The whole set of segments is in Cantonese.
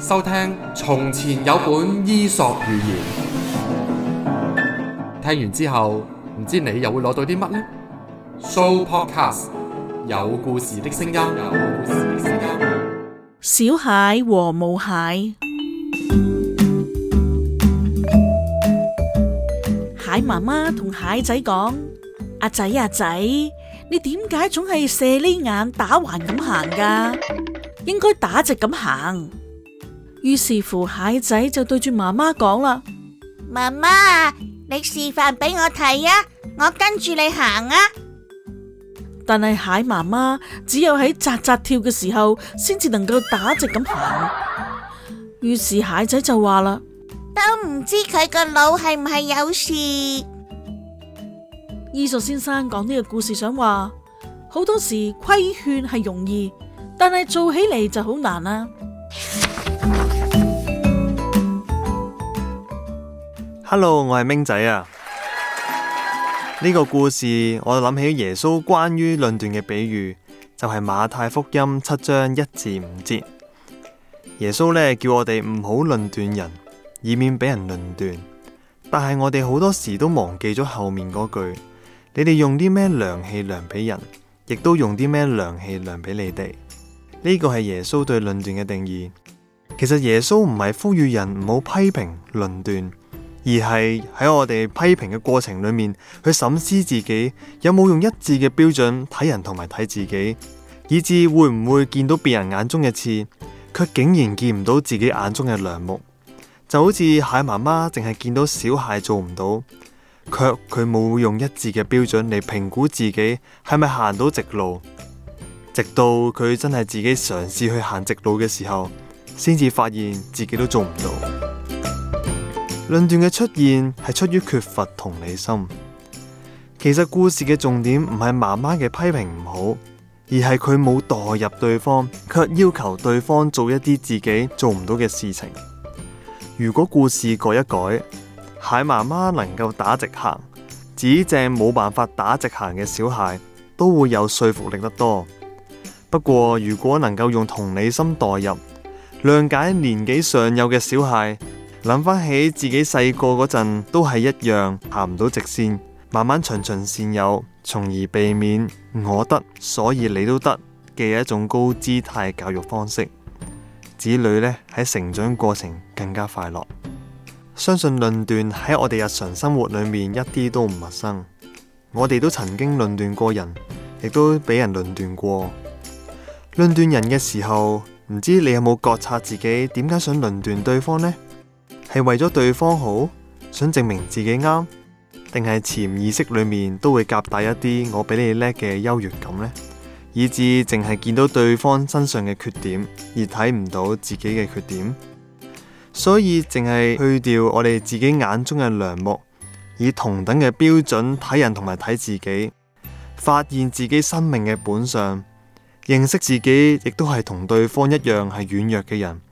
收聽從前有本伊索寓言，聽完之後唔知你又會攞到啲乜呢？Sooo Podcast 有故事的聲音，小蟹和母蟹蟹媽媽同蟹仔講：阿仔阿仔，你點解總係射喱眼打橫咁行㗎？應該打直咁行。於是乎，蟹仔就對住媽媽講啦：，媽媽，你示範俾我睇啊，我跟住你行啊！但係蟹媽媽只有喺扎扎跳嘅時候，先至能夠打直咁行。於是蟹仔就話啦：，都唔知佢個腦係唔係有事。伊索先生講呢個故事想，想話好多時規勸係容易，但係做起嚟就好難啦，啊。hello，我係明仔啊。呢個故事我諗起耶穌關於論斷嘅比喻，就係、是、馬太福音七章一至五節。耶穌呢叫我哋唔好論斷人，以免俾人論斷。但係我哋好多時都忘記咗後面嗰句：你哋用啲咩量器量俾人，亦都用啲咩量器量俾你哋。呢、這個係耶穌對論斷嘅定義。其實耶穌唔係呼籲人唔好批評論斷。而係喺我哋批評嘅過程裏面，去審視自己有冇用一致嘅標準睇人同埋睇自己，以至會唔會見到別人眼中嘅刺，卻竟然見唔到自己眼中嘅梁木。就好似蟹媽媽淨係見到小蟹做唔到，卻佢冇用一致嘅標準嚟評估自己係咪行到直路，直到佢真係自己嘗試去行直路嘅時候，先至發現自己都做唔到。論斷嘅出現係出於缺乏同理心。其實故事嘅重點唔係媽媽嘅批評唔好，而係佢冇代入對方，卻要求對方做一啲自己做唔到嘅事情。如果故事改一改，蟹媽媽能夠打直行，指正冇辦法打直行嘅小孩，都會有說服力得多。不過如果能夠用同理心代入，諒解年紀尚幼嘅小孩。諗翻起自己細個嗰陣，都係一樣行唔到直線，慢慢循循善誘，從而避免我得所以你都得嘅一種高姿態教育方式。子女呢，喺成長過程更加快樂。相信論斷喺我哋日常生活裏面一啲都唔陌生，我哋都曾經論斷過人，亦都俾人論斷過。論斷人嘅時候，唔知你有冇覺察自己點解想論斷對方呢？係為咗對方好，想證明自己啱，定係潛意識裏面都會夾帶一啲我比你叻嘅優越感呢？以至淨係見到對方身上嘅缺點，而睇唔到自己嘅缺點。所以淨係去掉我哋自己眼中嘅樑木，以同等嘅標準睇人同埋睇自己，發現自己生命嘅本相，認識自己亦都係同對方一樣係軟弱嘅人。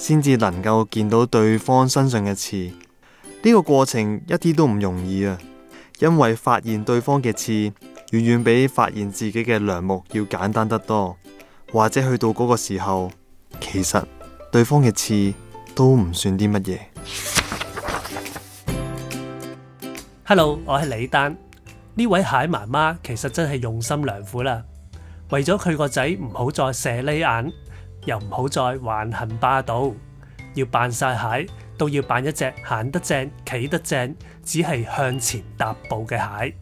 先至能夠見到對方身上嘅刺，呢個過程一啲都唔容易啊！因為發現對方嘅刺，遠遠比發現自己嘅良木要簡單得多。或者去到嗰個時候，其實對方嘅刺都唔算啲乜嘢。Hello，我係李丹，呢位蟹媽媽其實真係用心良苦啦，為咗佢個仔唔好再射呢眼。又唔好再橫行霸道，要扮晒蟹都要扮一隻行得正、企得正，只係向前踏步嘅蟹。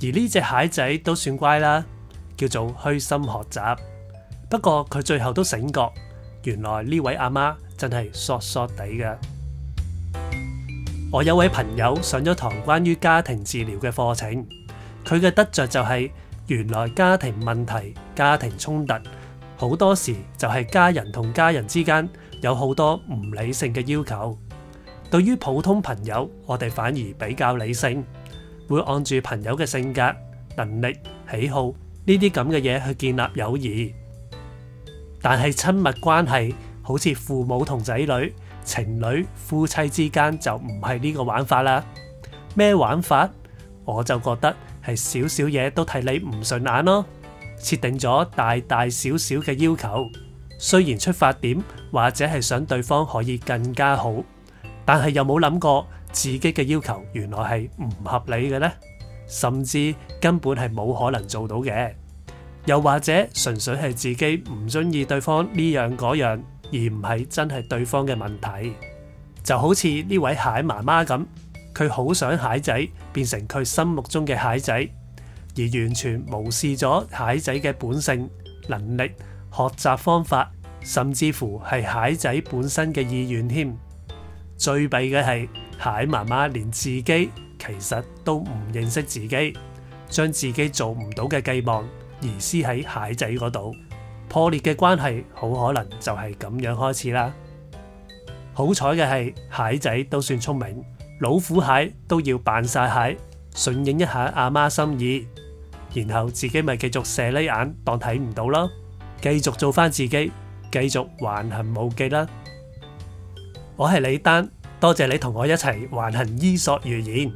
而呢隻蟹仔都算乖啦，叫做虛心學習。不過佢最後都醒覺，原來呢位阿媽真係索索哋㗎。我有位朋友上咗堂關於家庭治療嘅課程，佢嘅得着就係原來家庭問題、家庭衝突。好多時就係家人同家人之間有好多唔理性嘅要求，對於普通朋友我哋反而比較理性，會按住朋友嘅性格、能力、喜好呢啲咁嘅嘢去建立友誼。但係親密關係，好似父母同仔女、情侶、夫妻之間就唔係呢個玩法啦。咩玩法？我就覺得係少少嘢都睇你唔順眼咯。設定咗大大小小嘅要求，雖然出發點或者係想對方可以更加好，但係又冇諗過自己嘅要求原來係唔合理嘅呢？甚至根本係冇可能做到嘅，又或者純粹係自己唔中意對方呢樣嗰樣，而唔係真係對方嘅問題。就好似呢位蟹媽媽咁，佢好想蟹仔變成佢心目中嘅蟹仔。而完全無視咗蟹仔嘅本性、能力、學習方法，甚至乎係蟹仔本身嘅意願添。最弊嘅係蟹媽媽連自己其實都唔認識自己，將自己做唔到嘅寄望而施喺蟹仔嗰度，破裂嘅關係好可能就係咁樣開始啦。好彩嘅係蟹仔都算聰明，老虎蟹都要扮晒蟹，順應一下阿媽心意。然後自己咪繼續斜喱眼當睇唔到啦，繼續做翻自己，繼續橫行無忌啦。我係李丹，多謝你同我一齊橫行伊索寓言。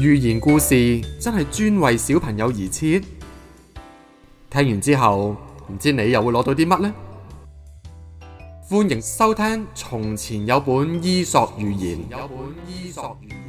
寓言故事真係專為小朋友而設，聽完之後唔知你又會攞到啲乜呢？歡迎收聽從前有本伊索寓言，有本伊索寓。